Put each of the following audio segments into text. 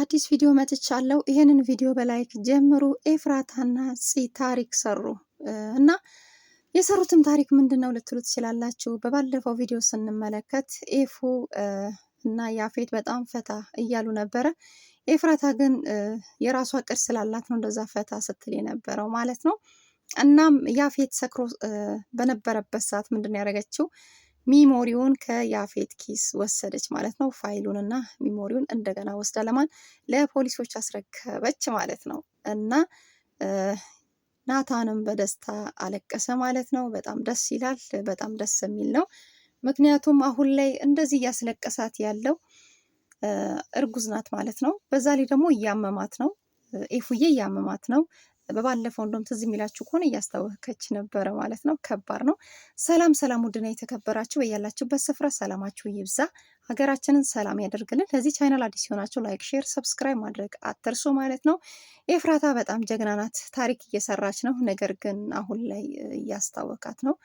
በአዲስ ቪዲዮ መጥቻለሁ። ይህንን ቪዲዮ በላይክ ጀምሩ። ኤፍራታና ፂ ታሪክ ሰሩ እና የሰሩትም ታሪክ ምንድን ነው ልትሉ ትችላላችሁ። በባለፈው ቪዲዮ ስንመለከት ኤፉ እና ያፌት በጣም ፈታ እያሉ ነበረ። ኤፍራታ ግን የራሷ ቅድ ስላላት ነው እንደዛ ፈታ ስትል የነበረው ማለት ነው። እናም ያፌት ሰክሮ በነበረበት ሰዓት ምንድን ነው ያደረገችው? ሚሞሪውን ከያፌት ኪስ ወሰደች ማለት ነው። ፋይሉን እና ሚሞሪውን እንደገና ወስዳ ለማን ለፖሊሶች አስረከበች ማለት ነው። እና ናታንም በደስታ አለቀሰ ማለት ነው። በጣም ደስ ይላል። በጣም ደስ የሚል ነው። ምክንያቱም አሁን ላይ እንደዚህ እያስለቀሳት ያለው እርጉዝ ናት ማለት ነው። በዛ ላይ ደግሞ እያመማት ነው። ኤፉዬ እያመማት ነው። በባለፈው እንደም ትዝ የሚላችሁ ከሆነ እያስታወከች ነበረ ማለት ነው። ከባድ ነው። ሰላም ሰላም፣ ውድና የተከበራችሁ በያላችሁበት ስፍራ ሰላማችሁ ይብዛ፣ ሀገራችንን ሰላም ያደርግልን። ለዚህ ቻይናል አዲስ የሆናችሁ ላይክ፣ ሼር፣ ሰብስክራይብ ማድረግ አትርሱ ማለት ነው። ኤፍራታ በጣም ጀግና ናት። ታሪክ እየሰራች ነው። ነገር ግን አሁን ላይ እያስታወካት ነው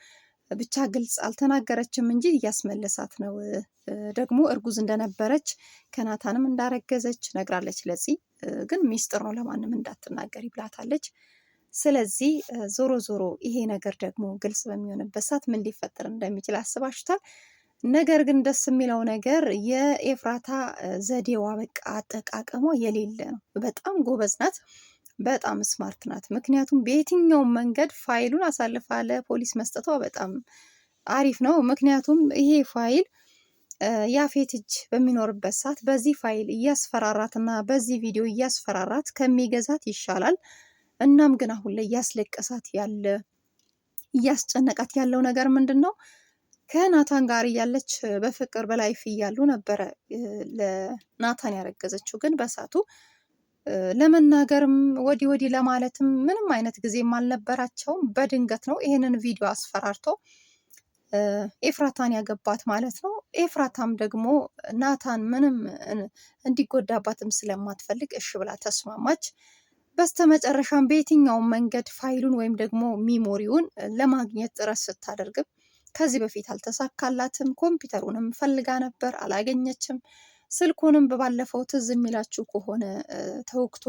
ብቻ ግልጽ አልተናገረችም እንጂ እያስመለሳት ነው። ደግሞ እርጉዝ እንደነበረች ከናታንም እንዳረገዘች ነግራለች። ለፂ ግን ሚስጥር ነው ለማንም እንዳትናገር ይብላታለች። ስለዚህ ዞሮ ዞሮ ይሄ ነገር ደግሞ ግልጽ በሚሆንበት ሰዓት ምን ሊፈጠር እንደሚችል አስባችሁታል። ነገር ግን ደስ የሚለው ነገር የኤፍራታ ዘዴዋ በቃ አጠቃቀሟ የሌለ ነው። በጣም ጎበዝ ናት። በጣም ስማርት ናት። ምክንያቱም በየትኛውም መንገድ ፋይሉን አሳልፋ ለፖሊስ መስጠቷ በጣም አሪፍ ነው። ምክንያቱም ይሄ ፋይል ያፌት እጅ በሚኖርበት ሰዓት በዚህ ፋይል እያስፈራራት እና በዚህ ቪዲዮ እያስፈራራት ከሚገዛት ይሻላል። እናም ግን አሁን ላይ እያስለቀሳት ያለ እያስጨነቃት ያለው ነገር ምንድን ነው? ከናታን ጋር እያለች በፍቅር በላይፍ እያሉ ነበረ ለናታን ያረገዘችው ግን በሳቱ ለመናገርም ወዲህ ወዲህ ለማለትም ምንም አይነት ጊዜም አልነበራቸውም። በድንገት ነው ይህንን ቪዲዮ አስፈራርቶ ኤፍራታን ያገባት ማለት ነው። ኤፍራታም ደግሞ ናታን ምንም እንዲጎዳባትም ስለማትፈልግ እሺ ብላ ተስማማች። በስተመጨረሻም በየትኛውም መንገድ ፋይሉን ወይም ደግሞ ሚሞሪውን ለማግኘት ጥረት ስታደርግም ከዚህ በፊት አልተሳካላትም። ኮምፒውተሩንም ፈልጋ ነበር፣ አላገኘችም። ስልኩንም በባለፈው ትዝ የሚላችሁ ከሆነ ተወግቶ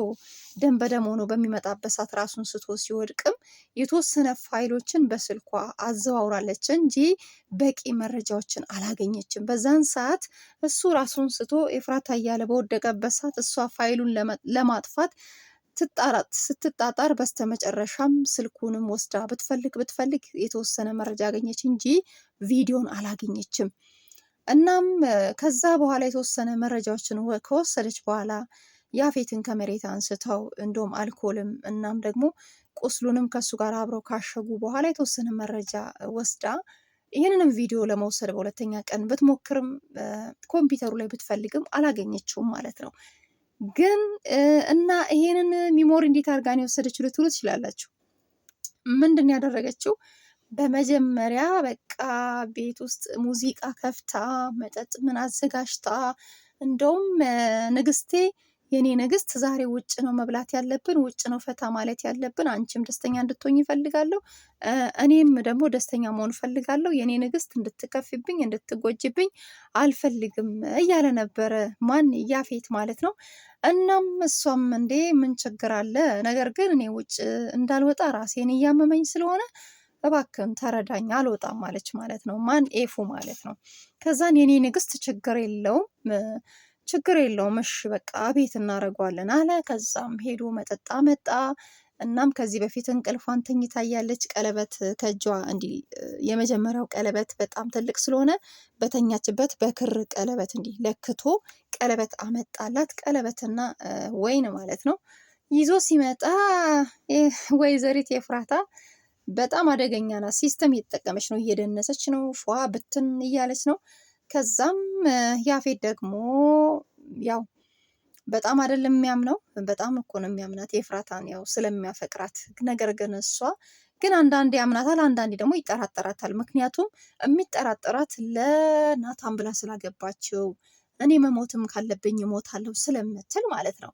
ደም በደም ሆኖ በሚመጣበት ሰዓት ራሱን ስቶ ሲወድቅም የተወሰነ ፋይሎችን በስልኳ አዘዋውራለች እንጂ በቂ መረጃዎችን አላገኘችም። በዛን ሰዓት እሱ ራሱን ስቶ ኤፍራታ እያለ በወደቀበት ሰዓት እሷ ፋይሉን ለማጥፋት ስትጣጣር በስተመጨረሻም ስልኩንም ወስዳ ብትፈልግ ብትፈልግ የተወሰነ መረጃ አገኘች እንጂ ቪዲዮን አላገኘችም። እናም ከዛ በኋላ የተወሰነ መረጃዎችን ከወሰደች በኋላ ያፌትን ከመሬት አንስተው እንደውም አልኮልም እናም ደግሞ ቁስሉንም ከእሱ ጋር አብረው ካሸጉ በኋላ የተወሰነ መረጃ ወስዳ ይህንንም ቪዲዮ ለመውሰድ በሁለተኛ ቀን ብትሞክርም ኮምፒውተሩ ላይ ብትፈልግም አላገኘችውም ማለት ነው። ግን እና ይሄንን ሚሞሪ እንዴት አድርጋ የወሰደችው ልትሉ ትችላላችሁ። ምንድን ያደረገችው በመጀመሪያ በቃ ቤት ውስጥ ሙዚቃ ከፍታ መጠጥ ምን አዘጋጅታ፣ እንደውም ንግስቴ የኔ ንግስት ዛሬ ውጭ ነው መብላት ያለብን፣ ውጭ ነው ፈታ ማለት ያለብን። አንቺም ደስተኛ እንድትሆኝ ይፈልጋለሁ፣ እኔም ደግሞ ደስተኛ መሆን ፈልጋለሁ የኔ ንግስት እንድትከፊብኝ፣ እንድትጎጅብኝ አልፈልግም እያለ ነበረ። ማን ያፌት ማለት ነው። እናም እሷም እንዴ ምን ችግር አለ፣ ነገር ግን እኔ ውጭ እንዳልወጣ ራሴን እያመመኝ ስለሆነ እባክህን ተረዳኝ አልወጣም ማለች ማለት ነው። ማን ኤፉ ማለት ነው። ከዛን የኔ ንግስት ችግር የለውም ችግር የለውም እሺ በቃ ቤት እናደርገዋለን አለ። ከዛም ሄዶ መጠጣ መጣ። እናም ከዚህ በፊት እንቅልፏን ተኝታ ያለች ቀለበት ከእጇ እንዲህ የመጀመሪያው ቀለበት በጣም ትልቅ ስለሆነ በተኛችበት በክር ቀለበት እንዲህ ለክቶ ቀለበት አመጣላት። ቀለበትና ወይን ማለት ነው። ይዞ ሲመጣ ወይዘሪት የፍራታ በጣም አደገኛ ናት። ሲስተም እየተጠቀመች ነው፣ እየደነሰች ነው፣ ፏ ብትን እያለች ነው። ከዛም ያፌት ደግሞ ያው በጣም አይደለም የሚያምነው፣ በጣም እኮ ነው የሚያምናት የፍራታን ያው ስለሚያፈቅራት። ነገር ግን እሷ ግን አንዳንዴ ያምናታል፣ አንዳንዴ ደግሞ ይጠራጠራታል። ምክንያቱም የሚጠራጠራት ለናታን ብላ ስላገባችው እኔ መሞትም ካለብኝ እሞታለሁ ስለምትል ማለት ነው።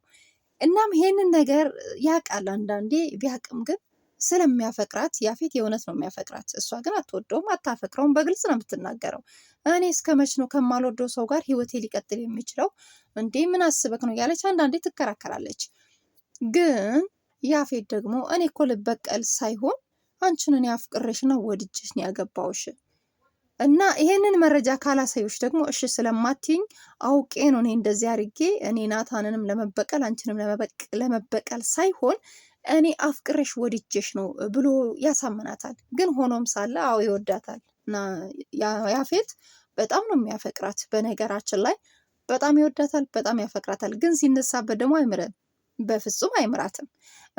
እናም ይሄንን ነገር ያውቃል አንዳንዴ ቢያውቅም ግን ስለሚያፈቅራት ያፌት የእውነት ነው የሚያፈቅራት። እሷ ግን አትወደውም፣ አታፈቅረውም። በግልጽ ነው የምትናገረው። እኔ እስከ መች ነው ከማልወደው ሰው ጋር ህይወቴ ሊቀጥል የሚችለው? እንዴ ምን አስበክ ነው እያለች አንዳንዴ ትከራከራለች። ግን ያፌት ደግሞ እኔ እኮ ልበቀል ሳይሆን አንቺን እኔ አፍቅሬሽ ነው ወድጄሽ ነው ያገባውሽ እና ይሄንን መረጃ ካላሳዮች ደግሞ እሺ ስለማትይኝ አውቄ ነው እኔ እንደዚህ አድርጌ እኔ ናታንንም ለመበቀል አንቺንም ለመበቀል ሳይሆን እኔ አፍቅረሽ ወድጀሽ ነው ብሎ ያሳምናታል። ግን ሆኖም ሳለ አዎ ይወዳታል። እና ያፌት በጣም ነው የሚያፈቅራት። በነገራችን ላይ በጣም ይወዳታል፣ በጣም ያፈቅራታል። ግን ሲነሳበት ደግሞ አይምረን በፍጹም አይምራትም።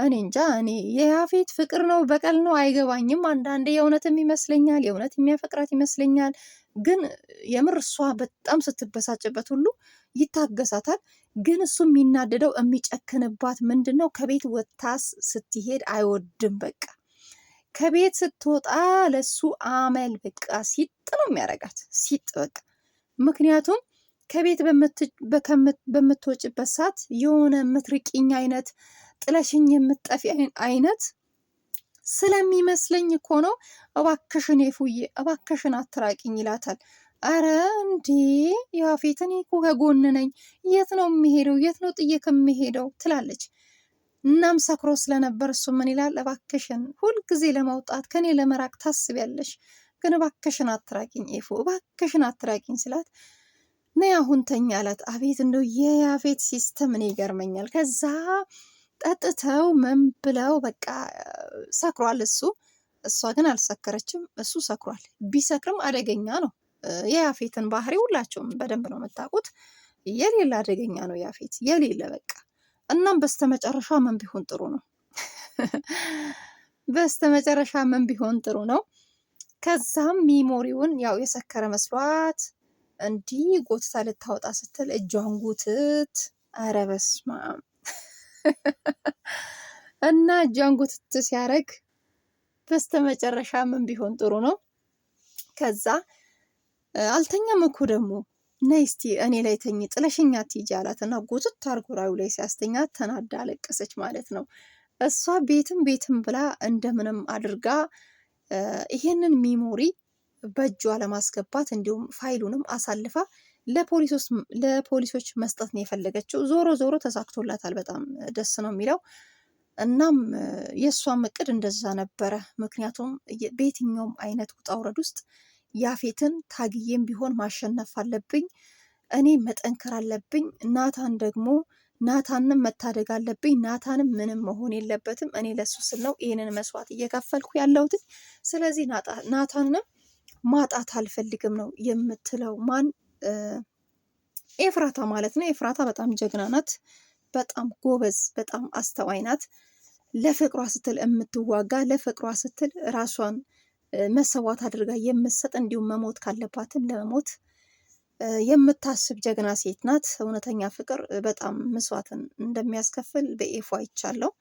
እኔ እንጃ እኔ የያፌት ፍቅር ነው በቀል ነው አይገባኝም። አንዳንዴ የእውነትም ይመስለኛል የእውነት የሚያፈቅራት ይመስለኛል። ግን የምር እሷ በጣም ስትበሳጭበት ሁሉ ይታገሳታል። ግን እሱ የሚናደደው የሚጨክንባት ምንድን ነው? ከቤት ወታስ ስትሄድ አይወድም። በቃ ከቤት ስትወጣ ለሱ አመል በቃ ሲጥ ነው የሚያረጋት፣ ሲጥ በቃ ምክንያቱም ከቤት በምትወጭበት ሰዓት የሆነ የምትርቂኝ አይነት ጥለሽኝ የምትጠፊ አይነት ስለሚመስለኝ እኮ ነው። እባክሽን ፉዬ እባክሽን አትራቂኝ ይላታል። አረ እንዴ ያፌት፣ እኔ እኮ ከጎን ነኝ። የት ነው የሚሄደው? የት ነው ጥየክ የሚሄደው? ትላለች። እናም ሰክሮ ስለነበር እሱ ምን ይላል? እባክሽን ሁልጊዜ ለመውጣት ከኔ ለመራቅ ታስቢያለሽ፣ ግን እባክሽን አትራቂኝ ፉ፣ እባክሽን አትራቂኝ ስላት ነይ አሁን ተኛ አላት። አቤት እንደው የያፌት ሲስተም እኔ ይገርመኛል። ከዛ ጠጥተው ምን ብለው በቃ ሰክሯል እሱ። እሷ ግን አልሰከረችም፣ እሱ ሰክሯል። ቢሰክርም አደገኛ ነው። የያፌትን ባህሪ ሁላችሁም በደንብ ነው የምታውቁት። የሌለ አደገኛ ነው ያፌት የሌለ በቃ። እናም በስተመጨረሻ ምን ቢሆን ጥሩ ነው? በስተመጨረሻ ምን ቢሆን ጥሩ ነው? ከዛም ሚሞሪውን ያው የሰከረ መስሏት እንዲህ ጎትታ ልታወጣ ስትል እጇን ጉትት፣ ኧረ በስመ አብ እና እጇን ጉትት ሲያደርግ በስተ መጨረሻ ምን ቢሆን ጥሩ ነው? ከዛ አልተኛም እኮ ደግሞ ነይ እስቲ እኔ ላይ ተኝ ጥለሽኛ ትይጂ አላት እና ጉትት አድርጎ ራዩ ላይ ሲያስተኛ ተናዳ አለቀሰች ማለት ነው። እሷ ቤትም ቤትም ብላ እንደምንም አድርጋ ይሄንን ሚሞሪ በእጇ ለማስገባት እንዲሁም ፋይሉንም አሳልፋ ለፖሊሶች መስጠት ነው የፈለገችው። ዞሮ ዞሮ ተሳክቶላታል። በጣም ደስ ነው የሚለው። እናም የእሷም እቅድ እንደዛ ነበረ። ምክንያቱም በየትኛውም አይነት ውጣ ውረድ ውስጥ ያፌትን ታግዬም ቢሆን ማሸነፍ አለብኝ፣ እኔ መጠንከር አለብኝ። ናታን ደግሞ ናታንም መታደግ አለብኝ። ናታንም ምንም መሆን የለበትም። እኔ ለሱ ስል ነው ይህንን መስዋዕት እየከፈልኩ ያለሁትኝ። ስለዚህ ናታንንም ማጣት አልፈልግም ነው የምትለው ማን ኤፍራታ ማለት ነው። ኤፍራታ በጣም ጀግና ናት፣ በጣም ጎበዝ፣ በጣም አስተዋይ ናት። ለፍቅሯ ስትል የምትዋጋ ለፍቅሯ ስትል ራሷን መሰዋት አድርጋ የምትሰጥ እንዲሁም መሞት ካለባትም ለመሞት የምታስብ ጀግና ሴት ናት። እውነተኛ ፍቅር በጣም መስዋዕትን እንደሚያስከፍል በኤፎ ይቻለው።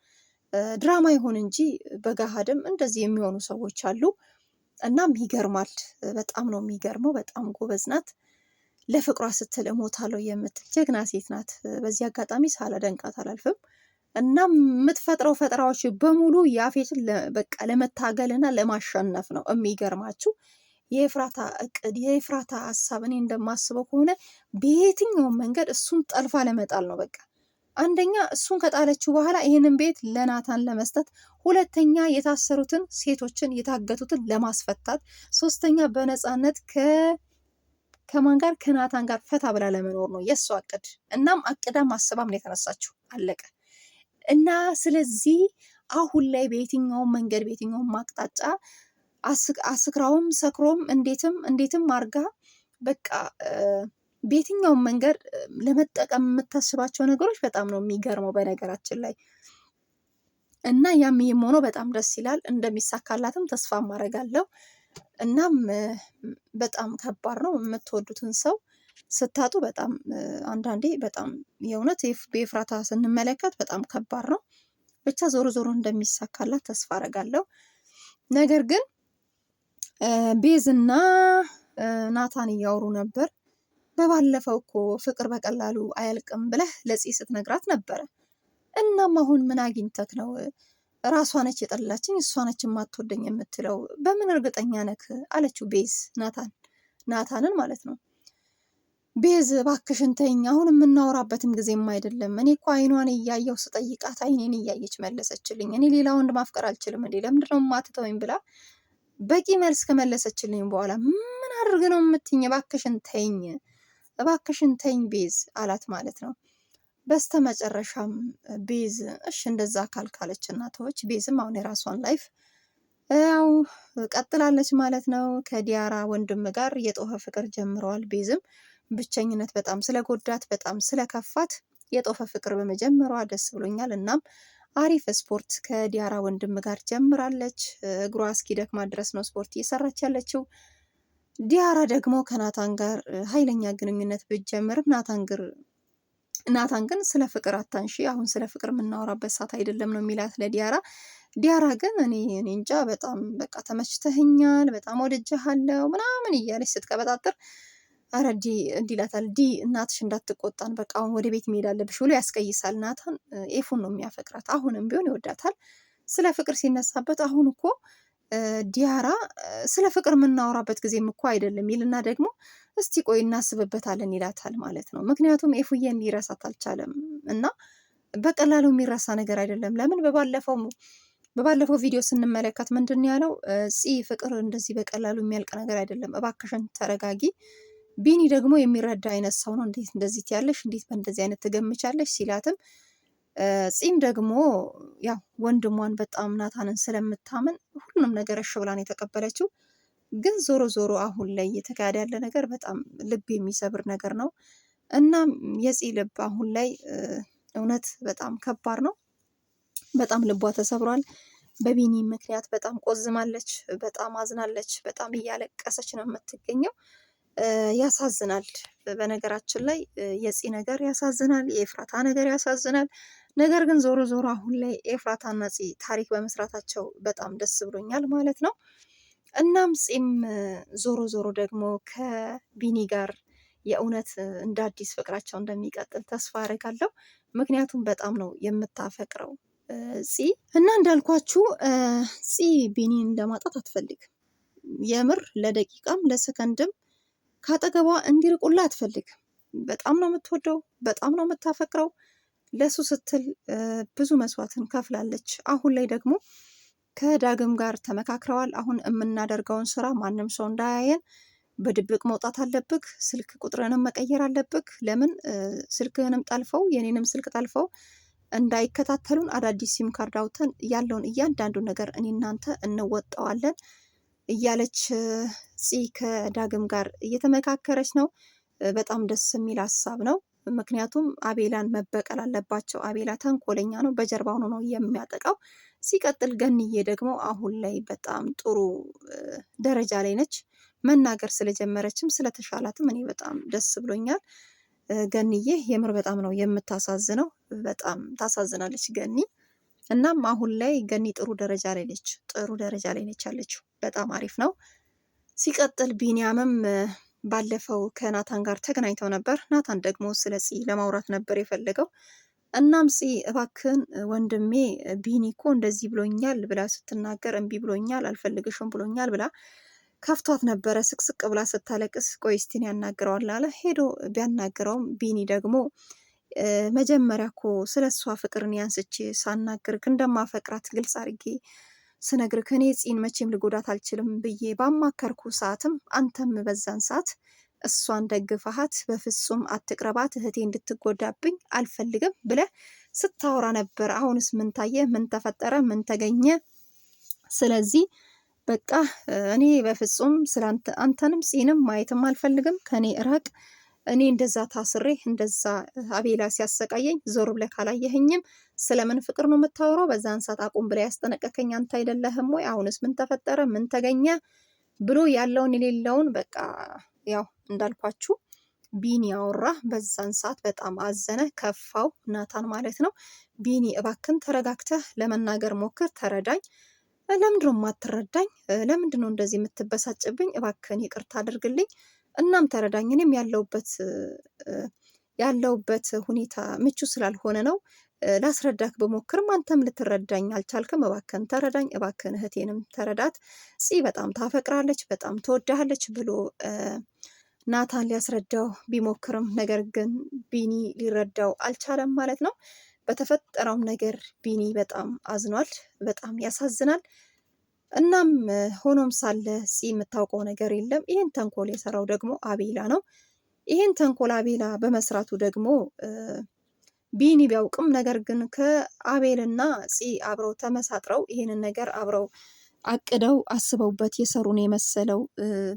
ድራማ ይሁን እንጂ በገሃድም እንደዚህ የሚሆኑ ሰዎች አሉ። እናም ይገርማል። በጣም ነው የሚገርመው። በጣም ጎበዝ ናት። ለፍቅሯ ስትል እሞታለሁ የምትል ጀግና ሴት ናት። በዚህ አጋጣሚ ሳላደንቃት አላልፍም። እና የምትፈጥረው ፈጠራዎች በሙሉ ያፌትን በቃ ለመታገል ለመታገልና ለማሸነፍ ነው። የሚገርማችሁ የፍራታ እቅድ፣ የፍራታ ሀሳብ እኔ እንደማስበው ከሆነ በየትኛውም መንገድ እሱን ጠልፋ ለመጣል ነው። በቃ አንደኛ እሱን ከጣለችው በኋላ ይህንን ቤት ለናታን ለመስጠት፣ ሁለተኛ የታሰሩትን ሴቶችን የታገቱትን ለማስፈታት፣ ሶስተኛ በነፃነት ከ ከማን ጋር ከናታን ጋር ፈታ ብላ ለመኖር ነው የእሷ እቅድ። እናም አቅዳም አስባም ነው የተነሳችው። አለቀ እና ስለዚህ አሁን ላይ በየትኛውም መንገድ በየትኛውም አቅጣጫ አስክራውም ሰክሮም እንዴትም እንዴትም አርጋ በቃ በየትኛውም መንገድ ለመጠቀም የምታስባቸው ነገሮች በጣም ነው የሚገርመው በነገራችን ላይ እና ያም ይህም ሆኖ በጣም ደስ ይላል። እንደሚሳካላትም ተስፋ አለው። እናም በጣም ከባድ ነው። የምትወዱትን ሰው ስታጡ በጣም አንዳንዴ በጣም የእውነት በኤፍራታ ስንመለከት በጣም ከባድ ነው። ብቻ ዞሮ ዞሮ እንደሚሳካላት ተስፋ አረጋለሁ። ነገር ግን ቤዝና ናታን እያወሩ ነበር። በባለፈው እኮ ፍቅር በቀላሉ አያልቅም ብለህ ለጽ ስትነግራት ነበረ። እናም አሁን ምን አግኝተክ ነው ራሷ ነች የጠላችኝ፣ እሷ ነች የማትወደኝ የምትለው በምን እርግጠኛ ነክ አለችው ቤዝ ናታን ናታንን ማለት ነው። ቤዝ እባክሽን ተይኝ፣ አሁን የምናወራበትም ጊዜም አይደለም። እኔ እኮ አይኗን እያየው ስጠይቃት አይኔን እያየች መለሰችልኝ። እኔ ሌላ ወንድ ማፍቀር አልችልም እንዴ ለምንድነው ነው ብላ በቂ መልስ ከመለሰችልኝ በኋላ ምን አድርግ ነው የምትኝ? እባክሽን ተይኝ፣ እባክሽን ተይኝ ቤዝ አላት ማለት ነው። በስተመጨረሻም ቤዝ እሽ እንደዛ ካልካለች እናቶች ቤዝም አሁን የራሷን ላይፍ ያው ቀጥላለች ማለት ነው። ከዲያራ ወንድም ጋር የጦፈ ፍቅር ጀምረዋል። ቤዝም ብቸኝነት በጣም ስለጎዳት በጣም ስለከፋት የጦፈ ፍቅር በመጀመሯ ደስ ብሎኛል። እናም አሪፍ ስፖርት ከዲያራ ወንድም ጋር ጀምራለች። እግሯ እስኪደክማ ድረስ ነው ስፖርት እየሰራች ያለችው። ዲያራ ደግሞ ከናታን ጋር ኃይለኛ ግንኙነት ብትጀምርም ናታን ግር ናታን ግን ስለ ፍቅር አታንሺ፣ አሁን ስለ ፍቅር የምናወራበት ሰዓት አይደለም ነው የሚላት ለዲያራ። ዲያራ ግን እኔ እኔ እንጃ በጣም በቃ ተመችተህኛል፣ በጣም ወድጀሃለው ምናምን እያለች ስትቀበጣጥር አረ ዲ እንዲላታል ዲ እናትሽ እንዳትቆጣን በቃ አሁን ወደ ቤት መሄድ አለብሽ ብሎ ያስቀይሳል። ናታን ኤፉን ነው የሚያፈቅራት፣ አሁንም ቢሆን ይወዳታል። ስለ ፍቅር ሲነሳበት አሁን እኮ ዲያራ ስለ ፍቅር የምናወራበት ጊዜም እኮ አይደለም ይልና ደግሞ እስቲ ቆይ እናስብበታለን ይላታል ማለት ነው። ምክንያቱም ኤፉዬን ሊረሳት አልቻለም እና በቀላሉ የሚረሳ ነገር አይደለም። ለምን በባለፈው በባለፈው ቪዲዮ ስንመለከት ምንድን ያለው ፂ ፍቅር እንደዚህ በቀላሉ የሚያልቅ ነገር አይደለም፣ እባክሽን ተረጋጊ። ቢኒ ደግሞ የሚረዳ አይነት ሰው ነው። እንዴት እንደዚህ ትያለሽ? እንዴት በእንደዚህ አይነት ትገምቻለሽ? ሲላትም ጺም ደግሞ ያው ወንድሟን በጣም ናታንን ስለምታምን ሁሉንም ነገር እሺ ብላን የተቀበለችው። ግን ዞሮ ዞሮ አሁን ላይ እየተካሄደ ያለ ነገር በጣም ልብ የሚሰብር ነገር ነው። እናም የጺ ልብ አሁን ላይ እውነት በጣም ከባድ ነው። በጣም ልቧ ተሰብሯል። በቢኒ ምክንያት በጣም ቆዝማለች፣ በጣም አዝናለች፣ በጣም እያለቀሰች ነው የምትገኘው። ያሳዝናል። በነገራችን ላይ የፂ ነገር ያሳዝናል። የኤፍራታ ነገር ያሳዝናል። ነገር ግን ዞሮ ዞሮ አሁን ላይ ኤፍራታና ፂ ታሪክ በመስራታቸው በጣም ደስ ብሎኛል ማለት ነው። እናም ፂም ዞሮ ዞሮ ደግሞ ከቢኒ ጋር የእውነት እንደ አዲስ ፍቅራቸው እንደሚቀጥል ተስፋ አደርጋለሁ። ምክንያቱም በጣም ነው የምታፈቅረው ፂ እና እንዳልኳችሁ ፂ ቢኒን ለማጣት አትፈልግም። የምር ለደቂቃም ለሰከንድም ከአጠገቧ እንዲርቁላ አትፈልግም። በጣም ነው የምትወደው፣ በጣም ነው የምታፈቅረው። ለሱ ስትል ብዙ መስዋዕትን ከፍላለች። አሁን ላይ ደግሞ ከዳግም ጋር ተመካክረዋል። አሁን የምናደርገውን ስራ ማንም ሰው እንዳያየን በድብቅ መውጣት አለብክ ስልክ ቁጥርንም መቀየር አለብክ ለምን ስልክህንም ጠልፈው የኔንም ስልክ ጠልፈው እንዳይከታተሉን አዳዲስ ሲም ካርድ አውጥተን ያለውን እያንዳንዱ ነገር እኔ እናንተ እንወጣዋለን እያለች ፂ ከዳግም ጋር እየተመካከረች ነው። በጣም ደስ የሚል ሀሳብ ነው። ምክንያቱም አቤላን መበቀል አለባቸው። አቤላ ተንኮለኛ ነው፣ ሆኖ ነው የሚያጠቃው። ሲቀጥል ገንዬ ደግሞ አሁን ላይ በጣም ጥሩ ደረጃ ላይ ነች። መናገር ስለጀመረችም ስለተሻላትም እኔ በጣም ደስ ብሎኛል። ገንዬ የምር በጣም ነው የምታሳዝነው። በጣም ታሳዝናለች ገኒ። እናም አሁን ላይ ገኒ ጥሩ ደረጃ ላይ ነች፣ ጥሩ ደረጃ ላይ ነች ያለችው። በጣም አሪፍ ነው። ሲቀጥል ቢኒያምም ባለፈው ከናታን ጋር ተገናኝተው ነበር። ናታን ደግሞ ስለ ፂ ለማውራት ነበር የፈለገው። እናም ፂ እባክን ወንድሜ ቢኒ እኮ እንደዚህ ብሎኛል ብላ ስትናገር እምቢ ብሎኛል፣ አልፈልግሽም ብሎኛል ብላ ከፍቷት ነበረ። ስቅስቅ ብላ ስታለቅስ ቆይ እስቲን ያናግረዋል አለ። ሄዶ ቢያናግረውም ቢኒ ደግሞ መጀመሪያ እኮ ስለ እሷ ፍቅርን ያንስቼ ሳናግርክ እንደማፈቅራት ግልጽ አድርጌ ስነግርክ እኔ ጺን መቼም ልጎዳት አልችልም ብዬ ባማከርኩ ሰዓትም አንተም በዛን ሰዓት እሷን ደግፈሃት በፍጹም አትቅረባት እህቴ እንድትጎዳብኝ አልፈልግም ብለ ስታወራ ነበር። አሁንስ ምን ታየ? ምን ተፈጠረ? ምን ተገኘ? ስለዚህ በቃ እኔ በፍጹም ስለ አንተንም ማየትም አልፈልግም ከእኔ ራቅ እኔ እንደዛ ታስሬ እንደዛ አቤላ ሲያሰቃየኝ ዞር ብለህ ካላየኸኝም ስለምን ፍቅር ነው የምታወራው? በዛን ሰዓት አቁም ብለህ ያስጠነቀከኝ አንተ አይደለህም ወይ? አሁንስ ምን ተፈጠረ? ምን ተገኘ? ብሎ ያለውን የሌለውን በቃ ያው እንዳልኳችሁ ቢኒ አወራ። በዛን ሰዓት በጣም አዘነ፣ ከፋው፣ ናታን ማለት ነው። ቢኒ እባክን ተረጋግተህ ለመናገር ሞክር፣ ተረዳኝ ለምንድነው ማትረዳኝ የማትረዳኝ? ለምንድን እንደዚህ የምትበሳጭብኝ? እባክን ይቅርታ አድርግልኝ። እናም ተረዳኝ። እኔም ያለውበት ያለውበት ሁኔታ ምቹ ስላልሆነ ነው ላስረዳክ ብሞክርም አንተም ልትረዳኝ አልቻልክም። እባክን ተረዳኝ፣ እባክን እህቴንም ተረዳት፣ ፂ በጣም ታፈቅራለች፣ በጣም ትወዳሃለች ብሎ ናታን ሊያስረዳው ቢሞክርም ነገር ግን ቢኒ ሊረዳው አልቻለም ማለት ነው። በተፈጠረውም ነገር ቢኒ በጣም አዝኗል። በጣም ያሳዝናል። እናም ሆኖም ሳለ ፂ የምታውቀው ነገር የለም። ይህን ተንኮል የሰራው ደግሞ አቤላ ነው። ይህን ተንኮል አቤላ በመስራቱ ደግሞ ቢኒ ቢያውቅም ነገር ግን ከአቤልና ፂ አብረው ተመሳጥረው ይህንን ነገር አብረው አቅደው አስበውበት የሰሩን የመሰለው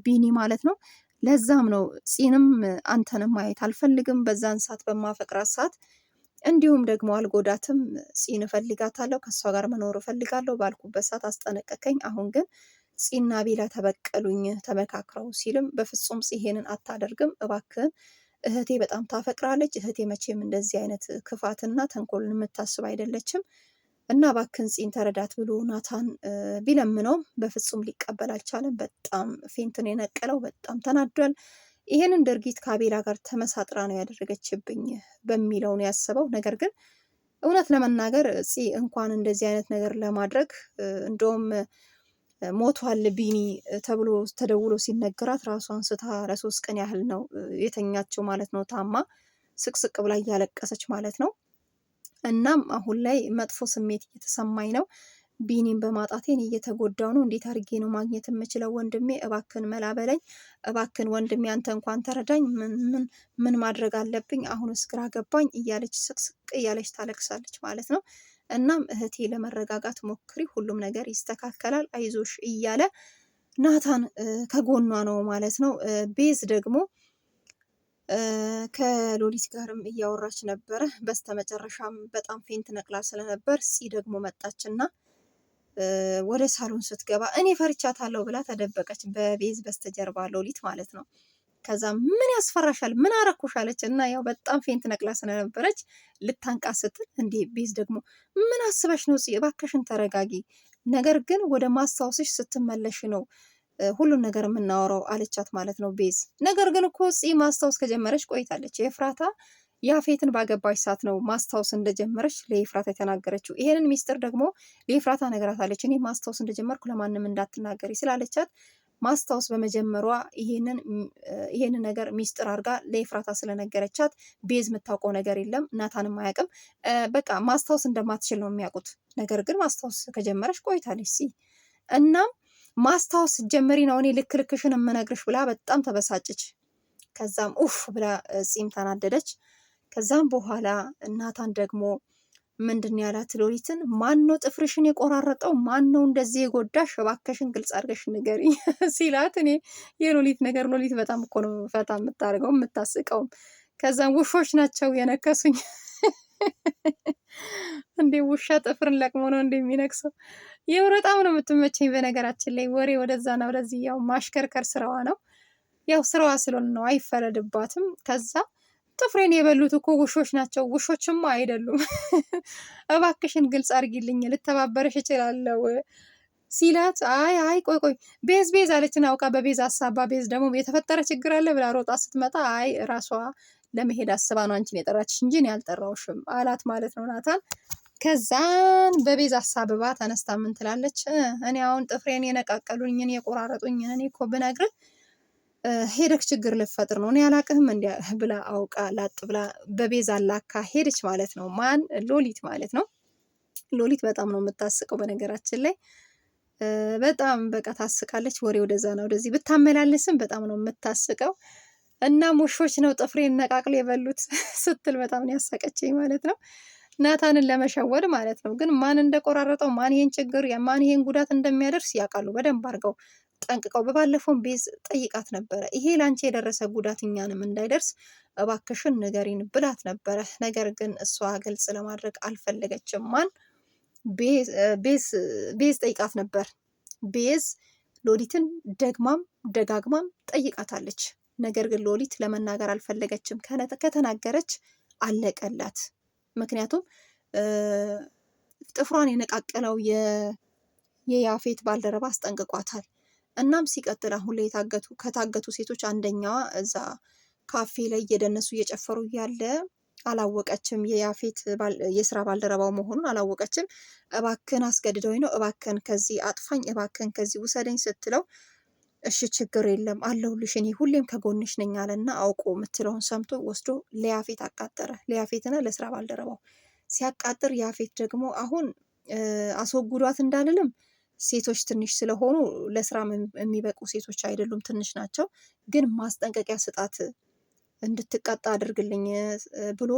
ቢኒ ማለት ነው። ለዛም ነው ፂንም አንተንም ማየት አልፈልግም፣ በዛን ሰዓት በማፈቅራት ሰዓት እንዲሁም ደግሞ አልጎዳትም፣ ፂን እፈልጋታለሁ፣ ከእሷ ጋር መኖር እፈልጋለሁ ባልኩበት ሰዓት አስጠነቀከኝ። አሁን ግን ፂና ቢላ ተበቀሉኝ ተመካክረው ሲልም በፍጹም ይሄንን አታደርግም፣ እባክህን እህቴ በጣም ታፈቅራለች። እህቴ መቼም እንደዚህ አይነት ክፋትና ተንኮልን የምታስብ አይደለችም እና እባክህን ፂን ተረዳት ብሎ ናታን ቢለምነውም በፍጹም ሊቀበል አልቻለም። በጣም ፌንትን የነቀለው በጣም ተናዷል። ይህንን ድርጊት ከአቤላ ጋር ተመሳጥራ ነው ያደረገችብኝ በሚለው ነው ያሰበው። ነገር ግን እውነት ለመናገር ፂ እንኳን እንደዚህ አይነት ነገር ለማድረግ እንደውም ሞቷል ቢኒ ተብሎ ተደውሎ ሲነገራት ራሷን ስታ ለሶስት ቀን ያህል ነው የተኛቸው ማለት ነው። ታማ ስቅስቅ ብላ እያለቀሰች ማለት ነው። እናም አሁን ላይ መጥፎ ስሜት እየተሰማኝ ነው። ቢኒን በማጣቴን እየተጎዳው ነው። እንዴት አድርጌ ነው ማግኘት የምችለው? ወንድሜ እባክን መላ በለኝ እባክን ወንድሜ አንተ እንኳን ተረዳኝ። ምን ምን ማድረግ አለብኝ? አሁንስ ግራ ገባኝ እያለች ስቅስቅ እያለች ታለቅሳለች ማለት ነው። እናም እህቴ ለመረጋጋት ሞክሪ፣ ሁሉም ነገር ይስተካከላል፣ አይዞሽ እያለ ናታን ከጎኗ ነው ማለት ነው። ቤዝ ደግሞ ከሎሊት ጋርም እያወራች ነበረ። በስተመጨረሻም በጣም ፌንት ነቅላ ስለነበር ሲ ደግሞ መጣችና ወደ ሳሎን ስትገባ እኔ ፈርቻታለሁ ብላ ተደበቀች። በቤዝ በስተጀርባ ሎሊት ማለት ነው። ከዛ ምን ያስፈራሻል? ምን አለች እና ያው በጣም ፌንት ነቅላ ስለነበረች ልታንቃ ስትል እንዴ ቤዝ ደግሞ ምን አስበሽ ነው? እባክሽን ተረጋጊ፣ ነገር ግን ወደ ማስታወስሽ ስትመለሽ ነው ሁሉን ነገር የምናወራው አለቻት ማለት ነው ቤዝ። ነገር ግን እኮ ማስታወስ ከጀመረች ቆይታለች። የፍራታ ያፌትን ባገባች ሰዓት ነው ማስታወስ እንደጀመረች ለይፍራታ የተናገረችው። ይሄንን ሚስጥር ደግሞ ለኤፍራታ ነግራታለች። እኔ ማስታወስ እንደጀመርኩ ለማንም እንዳትናገሪ ስላለቻት ማስታወስ በመጀመሯ ይሄንን ነገር ሚስጥር አድርጋ ለይፍራታ ስለነገረቻት ቤዝ የምታውቀው ነገር የለም፣ ናታንም አያውቅም። በቃ ማስታወስ እንደማትችል ነው የሚያውቁት። ነገር ግን ማስታወስ ከጀመረች ቆይታለች። ሲ እናም ማስታወስ ጀመሪ ነው እኔ ልክ ልክሽን የምነግርሽ ብላ በጣም ተበሳጨች። ከዛም ኡፍ ብላ ፂም ተናደደች። ከዛም በኋላ እናታን ደግሞ ምንድን ያላት ሎሊትን ማን ነው ጥፍርሽን የቆራረጠው? ማን ነው እንደዚህ የጎዳሽ? እባከሽን ግልጽ አድርገሽ ንገሪ ሲላት እኔ የሎሊት ነገር ሎሊት በጣም እኮ ነው ፈታ የምታደርገው የምታስቀውም። ከዛም ውሾች ናቸው የነከሱኝ እንዴ ውሻ ጥፍርን ለቅሞ ነው እንደሚነክሰው። ይህ በጣም ነው የምትመቸኝ። በነገራችን ላይ ወሬ ወደዛና ወደዚህ ያው ማሽከርከር ስራዋ ነው። ያው ስራዋ ስለሆነ ነው አይፈረድባትም። ከዛ ጥፍሬን የበሉት እኮ ውሾች ናቸው። ውሾችማ አይደሉም። እባክሽን ግልጽ አድርጊልኝ፣ ልተባበረሽ እችላለሁ ሲላት አይ አይ ቆይ ቆይ ቤዝ ቤዝ አለችን አውቃ በቤዝ አሳባ ቤዝ ደግሞ የተፈጠረ ችግር አለ ብላ ሮጣ ስትመጣ አይ ራሷ ለመሄድ አስባ ነው አንቺን የጠራችሽ እንጂ እኔ አልጠራውሽም አላት ማለት ነው ናታን። ከዛን በቤዝ አሳብባ ተነስታ ምን ትላለች? እኔ አሁን ጥፍሬን የነቃቀሉኝን የቆራረጡኝን እኔ እኮ ብነግርህ ሄደክ ችግር ልፈጥር ነው እኔ አላቅህም እንዲ ብላ አውቃ ላጥ ብላ በቤዛ ላካ ሄደች ማለት ነው። ማን ሎሊት ማለት ነው። ሎሊት በጣም ነው የምታስቀው በነገራችን ላይ በጣም በቃ ታስቃለች። ወሬ ወደዛ ነው ወደዚህ ብታመላልስም በጣም ነው የምታስቀው። እና ሙሾች ነው ጥፍሬ ነቃቅል የበሉት ስትል በጣም ነው ያሳቀችኝ ማለት ነው። ናታንን ለመሸወድ ማለት ነው። ግን ማን እንደቆራረጠው ማን ይሄን ችግር ማን ይሄን ጉዳት እንደሚያደርስ ያውቃሉ በደንብ አድርገው። ጠንቅቀው በባለፈውም ቤዝ ጠይቃት ነበረ። ይሄ ላንቺ የደረሰ ጉዳት እኛንም እንዳይደርስ እባክሽን ንገሪን ብላት ነበረ። ነገር ግን እሷ ግልጽ ለማድረግ አልፈለገችም። ማን ቤዝ ጠይቃት ነበር። ቤዝ ሎሊትን ደግማም ደጋግማም ጠይቃታለች። ነገር ግን ሎሊት ለመናገር አልፈለገችም። ከተናገረች አለቀላት። ምክንያቱም ጥፍሯን የነቃቀለው የያፌት ባልደረባ አስጠንቅቋታል። እናም ሲቀጥል አሁን ላይ የታገቱ ከታገቱ ሴቶች አንደኛዋ እዛ ካፌ ላይ እየደነሱ እየጨፈሩ እያለ አላወቀችም። የያፌት የስራ ባልደረባው መሆኑን አላወቀችም። እባክን አስገድደውኝ ነው፣ እባክን ከዚህ አጥፋኝ፣ እባክን ከዚህ ውሰደኝ ስትለው እሺ ችግር የለም አለሁልሽ፣ እኔ ሁሌም ከጎንሽ ነኝ አለና አውቆ የምትለውን ሰምቶ ወስዶ ለያፌት አቃጠረ። ለያፌትና ለስራ ባልደረባው ሲያቃጥር ያፌት ደግሞ አሁን አስወጉዷት እንዳልልም ሴቶች ትንሽ ስለሆኑ ለስራ የሚበቁ ሴቶች አይደሉም፣ ትንሽ ናቸው። ግን ማስጠንቀቂያ ስጣት እንድትቀጣ አድርግልኝ ብሎ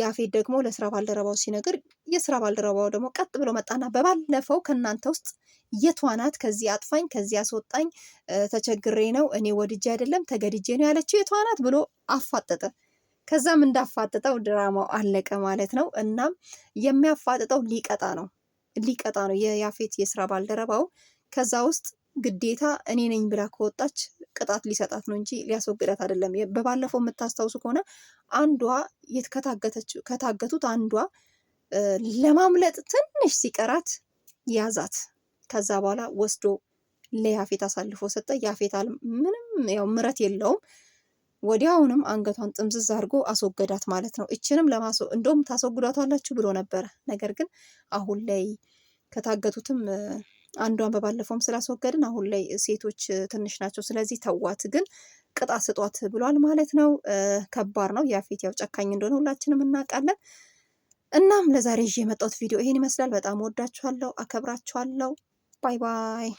ያፌት ደግሞ ለስራ ባልደረባው ሲነግር የስራ ባልደረባው ደግሞ ቀጥ ብሎ መጣና በባለፈው ከእናንተ ውስጥ የቷናት ከዚህ አጥፋኝ፣ ከዚህ አስወጣኝ፣ ተቸግሬ ነው እኔ ወድጄ አይደለም ተገድጄ ነው ያለችው የቷናት ብሎ አፋጠጠ። ከዛም እንዳፋጥጠው ድራማው አለቀ ማለት ነው። እናም የሚያፋጥጠው ሊቀጣ ነው። ሊቀጣ ነው የያፌት የስራ ባልደረባው። ከዛ ውስጥ ግዴታ እኔ ነኝ ብላ ከወጣች ቅጣት ሊሰጣት ነው እንጂ ሊያስወግዳት አይደለም። በባለፈው የምታስታውሱ ከሆነ አንዷ ከታገቱት አንዷ ለማምለጥ ትንሽ ሲቀራት ያዛት። ከዛ በኋላ ወስዶ ለያፌት አሳልፎ ሰጠ። ያፌት ምንም ያው ምረት የለውም ወዲያውንም አንገቷን ጥምዝዝ አድርጎ አስወገዳት ማለት ነው። እችንም ለማስ እንደውም ታስወግዷታላችሁ ብሎ ነበረ። ነገር ግን አሁን ላይ ከታገቱትም አንዷን በባለፈውም ስላስወገድን አሁን ላይ ሴቶች ትንሽ ናቸው፣ ስለዚህ ተዋት ግን ቅጣት ስጧት ብሏል ማለት ነው። ከባድ ነው። ያፌት ያው ጨካኝ እንደሆነ ሁላችንም እናውቃለን። እናም ለዛሬ ይዤ የመጣሁት ቪዲዮ ይሄን ይመስላል። በጣም ወዳችኋለሁ፣ አከብራችኋለሁ። ባይ ባይ